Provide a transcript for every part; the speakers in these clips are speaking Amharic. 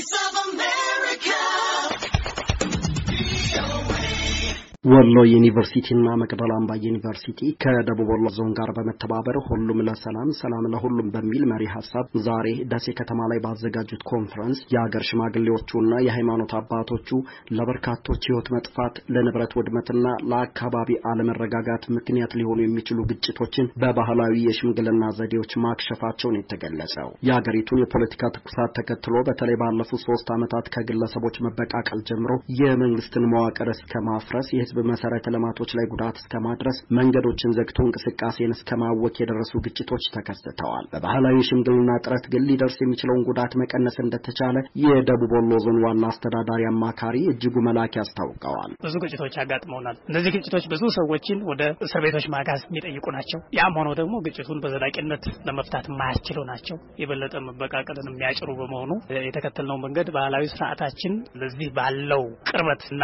voice of ወሎ ዩኒቨርሲቲና መቅደላ አምባ ዩኒቨርሲቲ ከደቡብ ወሎ ዞን ጋር በመተባበር ሁሉም ለሰላም ሰላም ለሁሉም በሚል መሪ ሀሳብ ዛሬ ደሴ ከተማ ላይ ባዘጋጁት ኮንፈረንስ የሀገር ሽማግሌዎቹና የሃይማኖት አባቶቹ ለበርካቶች ህይወት መጥፋት ለንብረት ውድመትና ለአካባቢ አለመረጋጋት ምክንያት ሊሆኑ የሚችሉ ግጭቶችን በባህላዊ የሽምግልና ዘዴዎች ማክሸፋቸውን የተገለጸው የሀገሪቱን የፖለቲካ ትኩሳት ተከትሎ በተለይ ባለፉት ሶስት ዓመታት ከግለሰቦች መበቃቀል ጀምሮ የመንግስትን መዋቅር እስከ ማፍረስ በህዝብ መሰረተ ልማቶች ላይ ጉዳት እስከ ማድረስ መንገዶችን ዘግቶ እንቅስቃሴን እስከ ማወክ የደረሱ ግጭቶች ተከስተዋል። በባህላዊ ሽምግልና ጥረት ግን ሊደርስ የሚችለውን ጉዳት መቀነስ እንደተቻለ የደቡብ ወሎ ዞን ዋና አስተዳዳሪ አማካሪ እጅጉ መላክ ያስታውቀዋል። ብዙ ግጭቶች አጋጥመውናል። እነዚህ ግጭቶች ብዙ ሰዎችን ወደ እስር ቤቶች ማጋዝ የሚጠይቁ ናቸው። ያም ሆኖ ደግሞ ግጭቱን በዘላቂነት ለመፍታት የማያስችሉ ናቸው። የበለጠ መበቃቀልን የሚያጭሩ በመሆኑ የተከተልነው መንገድ ባህላዊ ስርዓታችን ለዚህ ባለው ቅርበትና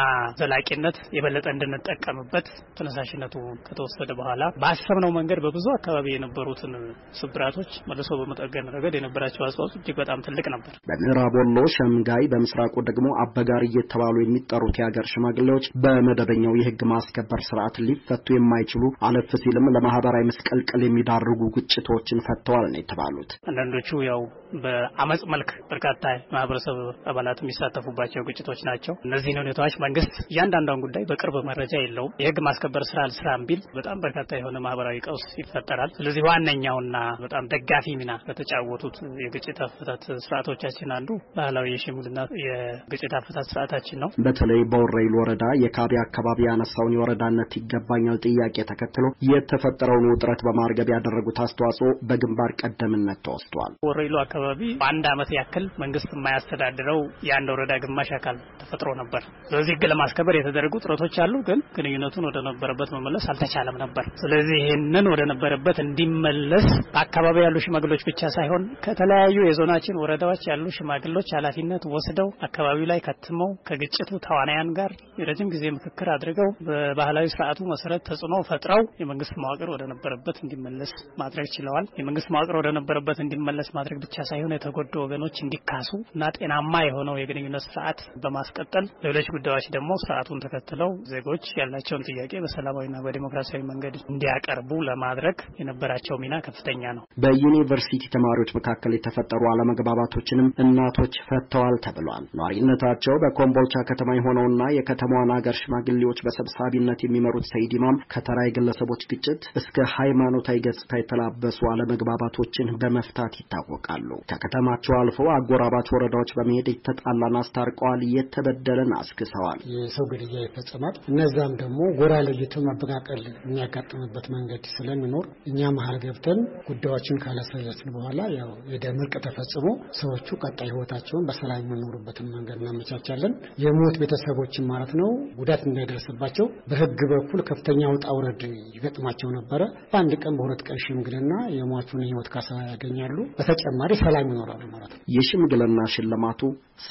ዘላቂነት የበለጠ እንድንጠቀምበት ተነሳሽነቱ ከተወሰደ በኋላ ባሰብነው መንገድ በብዙ አካባቢ የነበሩትን ስብራቶች መልሶ በመጠገን ረገድ የነበራቸው አስተዋጽኦ እጅግ በጣም ትልቅ ነበር። በምዕራብ ወሎ ሸምጋይ፣ በምስራቁ ደግሞ አበጋሪ እየተባሉ የሚጠሩት የሀገር ሽማግሌዎች በመደበኛው የህግ ማስከበር ስርዓት ሊፈቱ የማይችሉ አለፍ ሲልም ለማህበራዊ መስቀልቅል የሚዳርጉ ግጭቶችን ፈተዋል ነው የተባሉት። አንዳንዶቹ ያው በአመፅ መልክ በርካታ ማህበረሰብ አባላት የሚሳተፉባቸው ግጭቶች ናቸው። እነዚህን ሁኔታዎች መንግስት እያንዳንዷን ጉዳይ በቅርብ መረጃ የለውም። የህግ ማስከበር ስራ አልስራም ቢል በጣም በርካታ የሆነ ማህበራዊ ቀውስ ይፈጠራል። ስለዚህ ዋነኛውና በጣም ደጋፊ ሚና ከተጫወቱት የግጭት አፈታት ስርዓቶቻችን አንዱ ባህላዊ የሽምግልና የግጭት አፈታት ስርዓታችን ነው። በተለይ በወረይል ወረዳ የካቢ አካባቢ ያነሳውን የወረዳነት ይገባኛል ጥያቄ ተከትሎ የተፈጠረውን ውጥረት በማርገብ ያደረጉት አስተዋጽኦ በግንባር ቀደምነት ተወስቷል። ወረይሉ አካባቢ በአንድ ዓመት ያክል መንግስት የማያስተዳድረው የአንድ ወረዳ ግማሽ አካል ተፈጥሮ ነበር። ስለዚህ ህግ ለማስከበር የተደረጉ ጥረቶች አሉ። ግን ግንኙነቱን ወደ ነበረበት መመለስ አልተቻለም ነበር። ስለዚህ ይህንን ወደ ነበረበት እንዲመለስ በአካባቢ ያሉ ሽማግሎች ብቻ ሳይሆን ከተለያዩ የዞናችን ወረዳዎች ያሉ ሽማግሎች ኃላፊነት ወስደው አካባቢው ላይ ከትመው ከግጭቱ ተዋናያን ጋር የረጅም ጊዜ ምክክር አድርገው በባህላዊ ስርዓቱ መሰረት ተጽዕኖ ፈጥረው የመንግስት መዋቅር ወደ ነበረበት እንዲመለስ ማድረግ ችለዋል። የመንግስት መዋቅር ወደ ነበረበት እንዲመለስ ማድረግ ብቻ ሳይሆን የተጎዱ ወገኖች እንዲካሱ እና ጤናማ የሆነው የግንኙነት ስርዓት በማስቀጠል ሌሎች ጉዳዮች ደግሞ ስርዓቱን ተከትለው ዜጎች ያላቸውን ጥያቄ በሰላማዊና በዲሞክራሲያዊ መንገድ እንዲያቀርቡ ለማድረግ የነበራቸው ሚና ከፍተኛ ነው። በዩኒቨርሲቲ ተማሪዎች መካከል የተፈጠሩ አለመግባባቶችንም እናቶች ፈተዋል ተብሏል። ነዋሪነታቸው በኮምቦልቻ ከተማ የሆነውና የከተማዋን አገር ሽማግሌዎች በሰብሳቢነት የሚመሩት ሰይድ ኢማም ከተራ የግለሰቦች ግጭት እስከ ሃይማኖታዊ ገጽታ የተላበሱ አለመግባባቶችን በመፍታት ይታወቃሉ። ከከተማቸው አልፎ አጎራባች ወረዳዎች በመሄድ የተጣላን አስታርቀዋል፣ የተበደለን አስክሰዋል፣ የሰው ግድያ ይፈጸማል። እነዛም ደግሞ ጎራ ለይቶ መበቃቀል የሚያጋጥምበት መንገድ ስለሚኖር እኛ መሀል ገብተን ጉዳዮችን ካላሰለትን በኋላ ያው የደም እርቅ ተፈጽሞ ሰዎቹ ቀጣይ ህይወታቸውን በሰላም የሚኖሩበትን መንገድ እናመቻቻለን። የሞት ቤተሰቦችን ማለት ነው ጉዳት እንዳይደርስባቸው በህግ በኩል ከፍተኛ ውጣ ውረድ ይገጥማቸው ነበረ። በአንድ ቀን በሁለት ቀን ሽምግልና የሟቹን ህይወት ካሳ ያገኛሉ። በተጨማሪ ሰላም ይኖራሉ ማለት ነው። የሽምግልና ሽልማቱ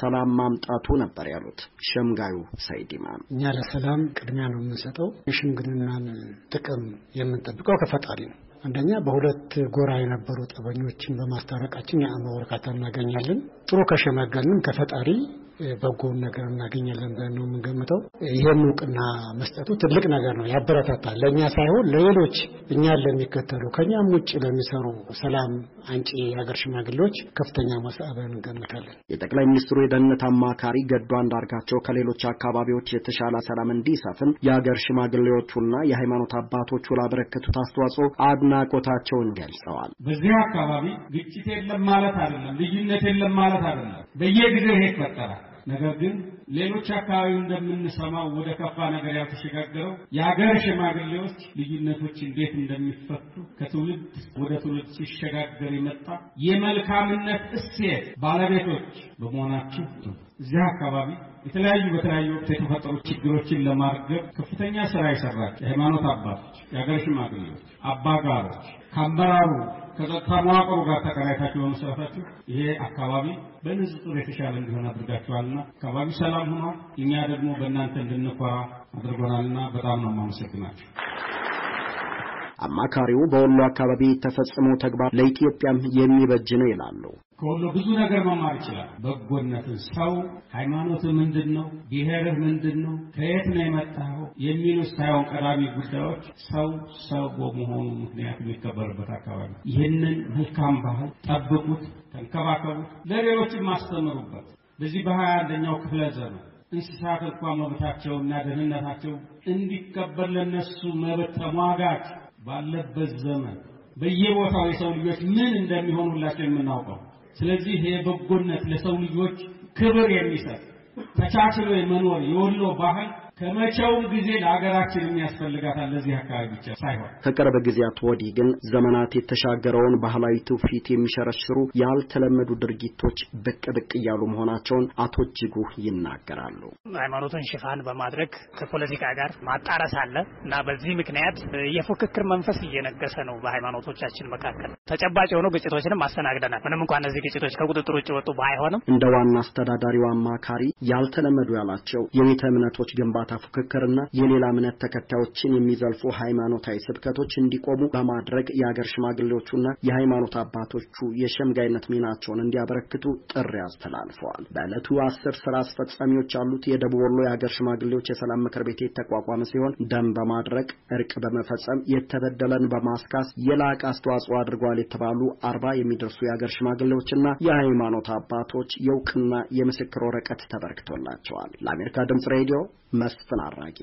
ሰላም ማምጣቱ ነበር ያሉት ሸምጋዩ ሰይድ ኢማም። እኛ ለሰላም ቅድሚያ ነው የምንሰጠው። የሽምግልናን ጥቅም የምንጠብቀው ከፈጣሪ ነው። አንደኛ በሁለት ጎራ የነበሩ ጠበኞችን በማስታረቃችን የአእምሮ እርካታ እናገኛለን። ጥሩ ከሸመገልንም ከፈጣሪ በጎውን ነገር እናገኛለን ብለን ነው የምንገምተው። ይህን እውቅና መስጠቱ ትልቅ ነገር ነው፣ ያበረታታል። ለእኛ ሳይሆን ለሌሎች እኛን ለሚከተሉ ከእኛም ውጭ ለሚሰሩ ሰላም አንጪ የሀገር ሽማግሌዎች ከፍተኛ መሳብን እንገምታለን። የጠቅላይ ሚኒስትሩ የደህንነት አማካሪ ገዱ አንዳርጋቸው ከሌሎች አካባቢዎች የተሻለ ሰላም እንዲሰፍን የሀገር ሽማግሌዎቹና የሃይማኖት አባቶቹ ላበረከቱት አስተዋጽኦ አድና አድናቆታቸውን ገልጸዋል። በዚህ አካባቢ ግጭት የለም ማለት አይደለም፣ ልዩነት የለም ማለት አይደለም። በየጊዜው ይሄ ይፈጠራል። ነገር ግን ሌሎች አካባቢ እንደምንሰማው ወደ ከፋ ነገር ያልተሸጋገረው የሀገር ሽማግሌዎች ልዩነቶች እንዴት እንደሚፈቱ ከትውልድ ወደ ትውልድ ሲሸጋገር የመጣ የመልካምነት እሴት ባለቤቶች በመሆናችሁ እዚያ አካባቢ የተለያዩ በተለያዩ ወቅት የተፈጠሩ ችግሮችን ለማርገብ ከፍተኛ ስራ ይሰራች የሃይማኖት አባቶች፣ የሀገር ሽማግሌዎች፣ አባጋሮች ከአመራሩ ከጸጥታ መዋቅሩ ጋር ተቀናይታችሁ በመስራታችሁ ይሄ አካባቢ በንጽጽር የተሻለ እንዲሆን አድርጋችኋልና አካባቢ ሰላም ሆኗል። እኛ ደግሞ በእናንተ እንድንኮራ አድርጎናልና በጣም ነው የማመሰግናችሁ። አማካሪው በወሎ አካባቢ የተፈጸመው ተግባር ለኢትዮጵያም የሚበጅ ነው ይላሉ። ከወሎ ብዙ ነገር መማር ይችላል። በጎነትን፣ ሰው ሃይማኖት ምንድን ነው፣ ብሔርህ ምንድን ነው፣ ከየት ነው የመጣኸው የሚሉ ሳይሆን ቀዳሚ ጉዳዮች ሰው ሰው በመሆኑ ምክንያት የሚከበርበት አካባቢ ይህንን መልካም ባህል ጠብቁት፣ ተንከባከቡት፣ ለሌሎችም አስተምሩበት። በዚህ በሀያ አንደኛው ክፍለ ዘመን እንስሳት እንኳን መብታቸውና ደህንነታቸው እንዲከበር ለነሱ መብት ተሟጋች ባለበት ዘመን በየቦታው የሰው ልጆች ምን እንደሚሆኑ የምናውቀው። ስለዚህ ይሄ በጎነት ለሰው ልጆች ክብር የሚሰጥ ተቻችሎ የመኖር የወሎ ባህል ከመቼውም ጊዜ ለሀገራችን የሚያስፈልጋት ለዚህ አካባቢ ብቻ ሳይሆን። ከቅርብ ጊዜያት ወዲህ ግን ዘመናት የተሻገረውን ባህላዊ ትውፊት የሚሸረሽሩ ያልተለመዱ ድርጊቶች ብቅ ብቅ እያሉ መሆናቸውን አቶ እጅጉ ይናገራሉ። ሃይማኖትን ሽፋን በማድረግ ከፖለቲካ ጋር ማጣረስ አለ እና በዚህ ምክንያት የፉክክር መንፈስ እየነገሰ ነው በሃይማኖቶቻችን መካከል። ተጨባጭ የሆኑ ግጭቶችንም አስተናግደናል። ምንም እንኳን እነዚህ ግጭቶች ከቁጥጥር ውጭ ወጡ ባይሆንም እንደ ዋና አስተዳዳሪው አማካሪ ያልተለመዱ ያላቸው የቤተ እምነቶች ግንባ የጥላቻ ፉክክርና የሌላ እምነት ተከታዮችን የሚዘልፉ ሃይማኖታዊ ስብከቶች እንዲቆሙ በማድረግ የአገር ሽማግሌዎቹና የሃይማኖት አባቶቹ የሸምጋይነት ሚናቸውን እንዲያበረክቱ ጥሪ አስተላልፈዋል። በዕለቱ አስር ስራ አስፈጻሚዎች ያሉት የደቡብ ወሎ የአገር ሽማግሌዎች የሰላም ምክር ቤት የተቋቋመ ሲሆን ደም በማድረግ እርቅ በመፈጸም የተበደለን በማስካስ የላቀ አስተዋጽኦ አድርጓል የተባሉ አርባ የሚደርሱ የአገር ሽማግሌዎችና የሃይማኖት አባቶች የእውቅና የምስክር ወረቀት ተበርክቶላቸዋል። ለአሜሪካ ድምጽ ሬዲዮ ከመስፍን አራቂ